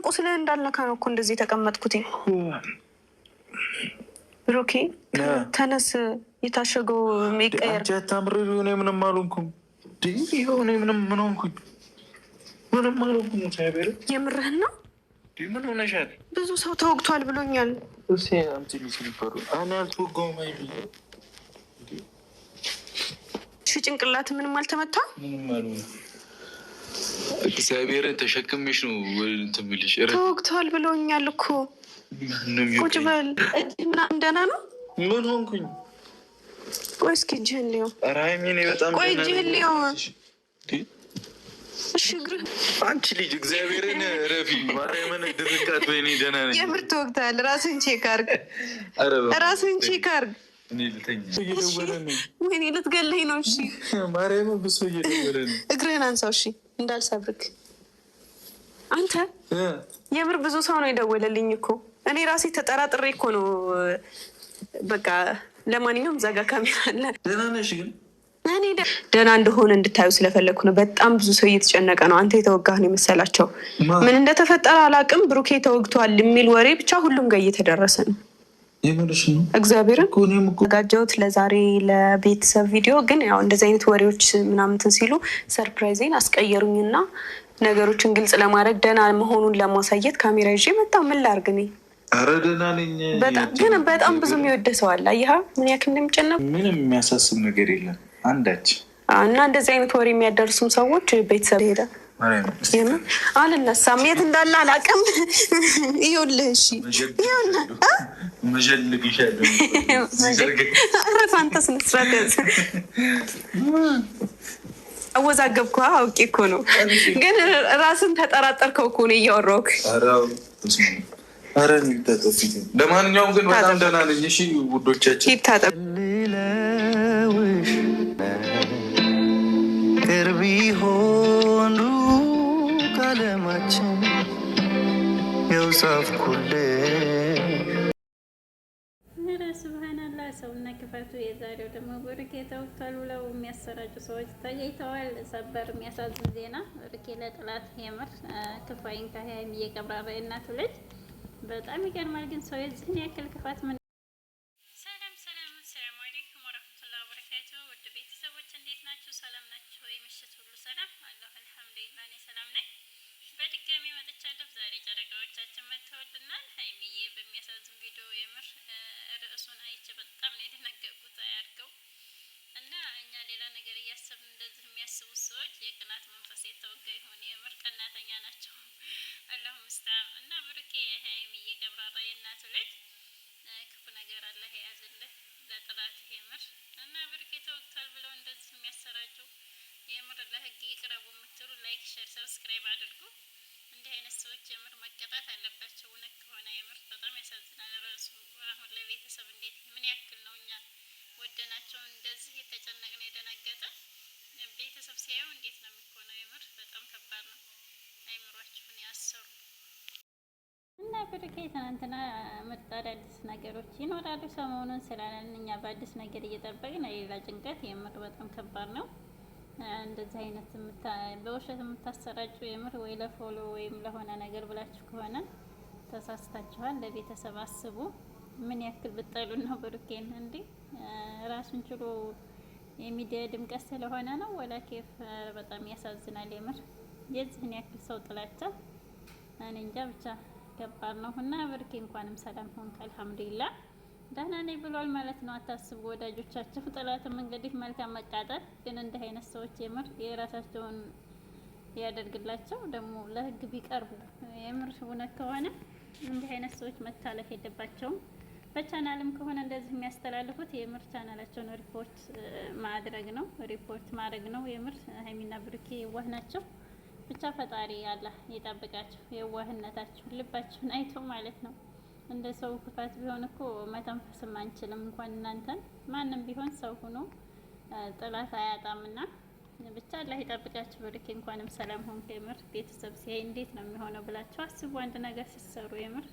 አሁን ቁስልህ እንዳልነካ ነው እኮ እንደዚህ የተቀመጥኩት። ብሩኬ ተነስ፣ የታሸገው የሚቀየር ታምር ሆነ። ምንም አልሆንኩም፣ ሆነ ምንም ምን ሆንኩኝ፣ ምንም አልሆንኩም። የምርህን ነው? ምን ሆነሻል? ብዙ ሰው ተወግቷል ብሎኛል። ጭንቅላት ምንም አልተመታ እግዚአብሔርን ተሸክምሽ ነው ትምልሽ። ተወግተዋል ብለውኛል እኮ ቁጭ በል ምናምን። ደህና ነው። ምን ሆንኩኝ? ቆይ እስኪ እጅህን ሊሆን ቆይ እጅህን ሊሆን አንቺ ልጅ እግዚአብሔርን ረፊ ማርያምን ድርቃት። ወይኔ ደህና ነኝ። የምር ትወቅታለህ። ራስን ቼክ አድርግ፣ ራስን ቼክ አድርግ ወይኔ ልትገለኝ ነው። እሺ ማርያም ብሶ እየደወለ ነው። እግርህን አንሳው እሺ፣ እንዳልሰብርክ አንተ። የምር ብዙ ሰው ነው የደወለልኝ እኮ እኔ ራሴ ተጠራጥሬ እኮ ነው። በቃ ለማንኛውም እዛ ካሜራ ግን? እኔ ደህና እንደሆነ እንድታዩ ስለፈለግኩ ነው። በጣም ብዙ ሰው እየተጨነቀ ነው። አንተ የተወጋህ ነው የመሰላቸው። ምን እንደተፈጠረ አላውቅም። ብሩኬ ተወግቷል የሚል ወሬ ብቻ ሁሉም ጋር እየተደረሰ ነው። ነው? እግዚአብሔርን ዘጋጀሁት ለዛሬ ለቤተሰብ ቪዲዮ። ግን ያው እንደዚህ አይነት ወሬዎች ምናምንትን ሲሉ ሰርፕራይዜን አስቀየሩኝና ነገሮችን ግልጽ ለማድረግ ደህና መሆኑን ለማሳየት ካሜራ ይዤ መጣ። ምን ላድርግ እኔ? ኧረ ደህና ነኝ። ግን በጣም ብዙ የሚወደ ሰው አለ። ይህ ምን ያክል እንደሚጨነቅ ምንም የሚያሳስብ ነገር የለም አንዳች እና እንደዚህ አይነት ወሬ የሚያደርሱም ሰዎች ቤተሰብ ሄደ አልነሳም። የት እንዳለ አላውቅም። ይኸውልህ፣ እሺ፣ ይኸውልህ አንተ ስነ አወዛገብኩ አውቄ እኮ ነው፣ ግን ራስን ተጠራጠርከው እኮ ነው እያወራሁ ለማንኛውም ግን በጣም ደህና ነኝ። እሺ ውዶቻችን ቅርብ ይሆን ልቦናችን የውሳፍኩልሽ ስብሃናላ ሰውና ክፋቱ። የዛሬው ደግሞ ብሩኬ ተወግቷል ብለው የሚያሰራጩ ሰዎች ተገኝተዋል። ሰበር የሚያሳዝን ዜና ብሩኬ ለጥላት የምር ክፋይን ከሀያሚ እየቀብራባይ እናቱ ልጅ በጣም ይገርማል። ግን ሰው የዚህን ያክል ክፋት ምን ይኖርብናል። ሀይሚዬ በሚያሳዝን ቪዲዮ የምር ርዕሱን አይቼ በጣም ነው የተነገርኩት። አያድገው እና እኛ ሌላ ነገር እያሰብን እንደዚህ የሚያስቡት ሰዎች የቅናት መንፈስ የተወጋ ይሆን ብሩኬ ትናንትና መጣ አዳዲስ ነገሮች ይኖራሉ ሰሞኑን ስላለን እኛ በአዲስ ነገር እየጠበቅን የሌላ ጭንቀት የምር በጣም ከባድ ነው። እንደዚህ አይነት በውሸት የምታሰራጩ የምር ወይ ለፎሎ ወይም ለሆነ ነገር ብላችሁ ከሆነ ተሳስታችኋል። ለቤተሰብ አስቡ። ምን ያክል ብጠሉ ነው ብሩኬን እንዴ? ራሱን ችሎ የሚዲያ ድምቀት ስለሆነ ነው ወላኬፍ በጣም ያሳዝናል የምር የዚህን ያክል ሰው ጥላቻ እኔ እንጃ ብቻ ከባድ ነው እና ብርኬ እንኳንም ሰላም ሆንክ፣ አልሐምዱሊላ ደህና ነኝ ብሏል ማለት ነው። አታስቡ ወዳጆቻቸው። ጥላትም እንግዲህ መልካም መቃጠል፣ ግን እንዲህ አይነት ሰዎች የምር የራሳቸውን ያደርግላቸው። ደግሞ ለህግ ቢቀርቡ የምር እውነት ከሆነ እንዲህ አይነት ሰዎች መታለፍ የለባቸውም። በቻናልም ከሆነ እንደዚህ የሚያስተላልፉት የምር ቻናላቸውን ሪፖርት ማድረግ ነው፣ ሪፖርት ማድረግ ነው። የምር ሀይሚና ብርኬ የዋህ ናቸው። ብቻ ፈጣሪ አላህ ይጠብቃችሁ፣ የዋህነታችሁ ልባችሁን አይቶ ማለት ነው። እንደ ሰው ክፋት ቢሆን እኮ መተንፈስም አንችልም። እንኳን እናንተን ማንም ቢሆን ሰው ሆኖ ጥላት አያጣምና ብቻ አላህ ይጠብቃችሁ። ብሩኬ እንኳንም ሰላም ሆንክ። የምር ቤተሰብ ሲያይ እንዴት ነው የሚሆነው ብላችሁ አስቡ። አንድ ነገር ሲሰሩ የምር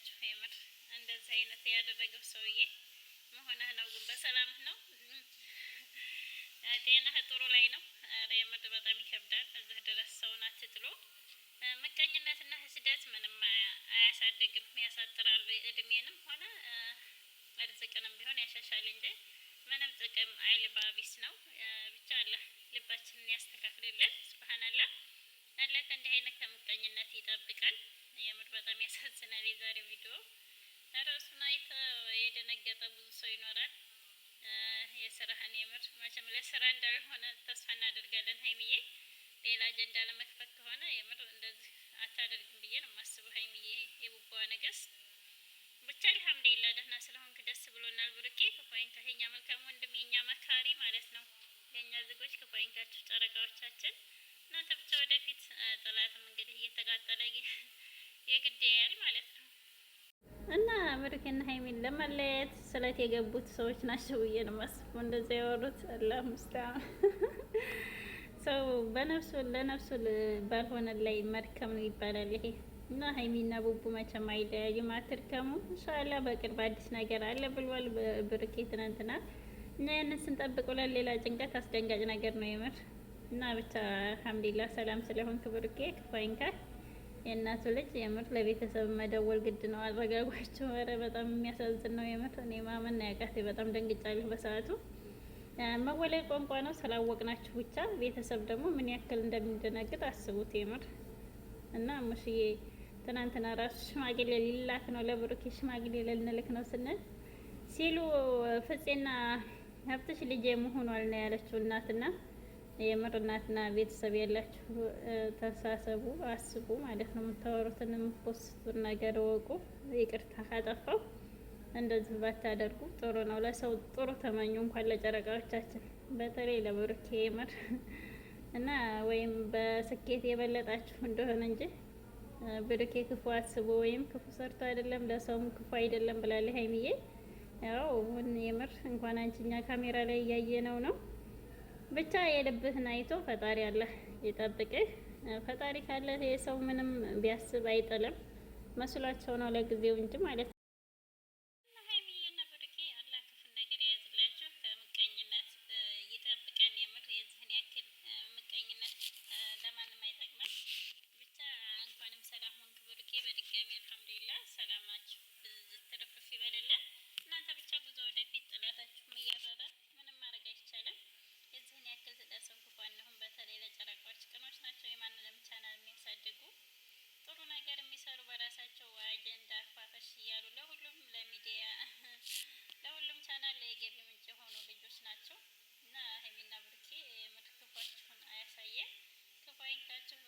ያላችሁ የምር እንደዚህ አይነት ያደረገው ሰውዬ መሆንህ ነው። ግን በሰላምህ ነው፣ ጤናህ ጥሩ ላይ ነው። ኧረ የምር በጣም ይከብዳል። እዚህ ድረስ ሰውን አትጥሉ። ምቀኝነትና ህስደት ምንም አያሳድግም፣ ያሳጥራሉ። እድሜንም ሆነ እርዝቅንም ቢሆን ያሻሻል እንጂ ምንም ጥቅም አይልባቢስ ነው። ብቻ አለ ልባችንን ያስተካክልልን። ስብሀናላህ አላህ ከእንዲህ አይነት ከምቀኝነት ይጠብቃል። የምር በጣም ያሳዝናል የዛሬ ቪዲዮ። ርዕሱን አይቶ የደነገጠ ብዙ ሰው ይኖራል። የስራህን የምር መቼም ለስራ እንዳልሆነ ተስፋ እናደርጋለን። ሀይሚዬ ሌላ አጀንዳ ለመክፈት ከሆነ የምር እንደዚህ አታደርግም ብዬ ነው የማስበው። ሀይሚዬ የቡባዋ ነገስ ብቻ አልሐምዱሊላ ደህና ስለሆንክ ደስ ብሎናል። ብሩኬ ክፋይንካ የኛ መልካም ወንድም የኛ መካሪ ማለት ነው። የእኛ ዜጎች ክፋይንካችሁ ጨረቃዎቻችን እናንተ ብቻ ወደፊት ጠላትም እንግዲህ እየተጋጠለ የግድ ማለት ነው። እና ብሩኬና ሀይሚን ለመለየት ስለት የገቡት ሰዎች ናቸው ብዬ ነው የማስበው። ያወሩት ሰው በነፍሱ ለነፍሱ ባልሆነ ላይ መርከም ነው ይባላል ይሄ እና ሀይሚና ቡቡ መቼም አይለያዩም፣ በቅርብ አዲስ ነገር አለ ብሏል ብሩኬ ትናንትና። ያንን ስንጠብቅ ብለን ሌላ ጭንቀት፣ አስደንጋጭ ነገር ነው የምር። እና ብቻ አልሐምዱሊላህ ሰላም ስለሆንክ ብሩኬ ክፋይንካል የእናቱ ልጅ የምር ለቤተሰብ መደወል ግድ ነው። አረጋጓቸው። ኧረ በጣም የሚያሳዝን ነው የምር። እኔ ማመን ያቃቴ በጣም ደንግጫለሁ በሰዓቱ። መወለድ ቋንቋ ነው ስላወቅናችሁ ብቻ ቤተሰብ ደግሞ ምን ያክል እንደሚደነግጥ አስቡት የምር እና ሙሽዬ ትናንትና ራሱ ሽማግሌ ሊላክ ነው ለብሩኬ ሽማግሌ ልንልክ ነው ስንል ሲሉ ፍጼና ሀብትሽ ልጄ መሆኗል ነው ያለችው እናትና የምር እናትና ቤተሰብ የላችሁ ተሳሰቡ፣ አስቡ ማለት ነው። የምታወሩትን የምትፖስቱን ነገር ወቁ። ይቅርታ አጠፋው። እንደዚህ ባታደርጉ ጥሩ ነው። ለሰው ጥሩ ተመኙ፣ እንኳን ለጨረቃዎቻችን፣ በተለይ ለብሩኬ የምር እና ወይም በስኬት የበለጣችሁ እንደሆነ እንጂ ብሩኬ ክፉ አስቦ ወይም ክፉ ሰርቶ አይደለም፣ ለሰውም ክፉ አይደለም ብላለች ሀይሚዬ። ያው የምር እንኳን አንቺኛ ካሜራ ላይ እያየ ነው ነው ብቻ የልብህን አይቶ ፈጣሪ አለ ይጠብቅህ። ፈጣሪ ካለ የሰው ምንም ቢያስብ አይጥልም መስሏቸው ነው ለጊዜው እንጂ ማለት በራሳቸው አጀንዳ ፋፈሽ እያሉ ለሁሉም ለሚዲያ ለሁሉም ቻናል የገቢ ምንጭ የሆኑ ልጆች ናቸው እና ሀይሚና ብሩኬ ምርት ክፋችሁን አያሳየን። ክፋይንካችሁ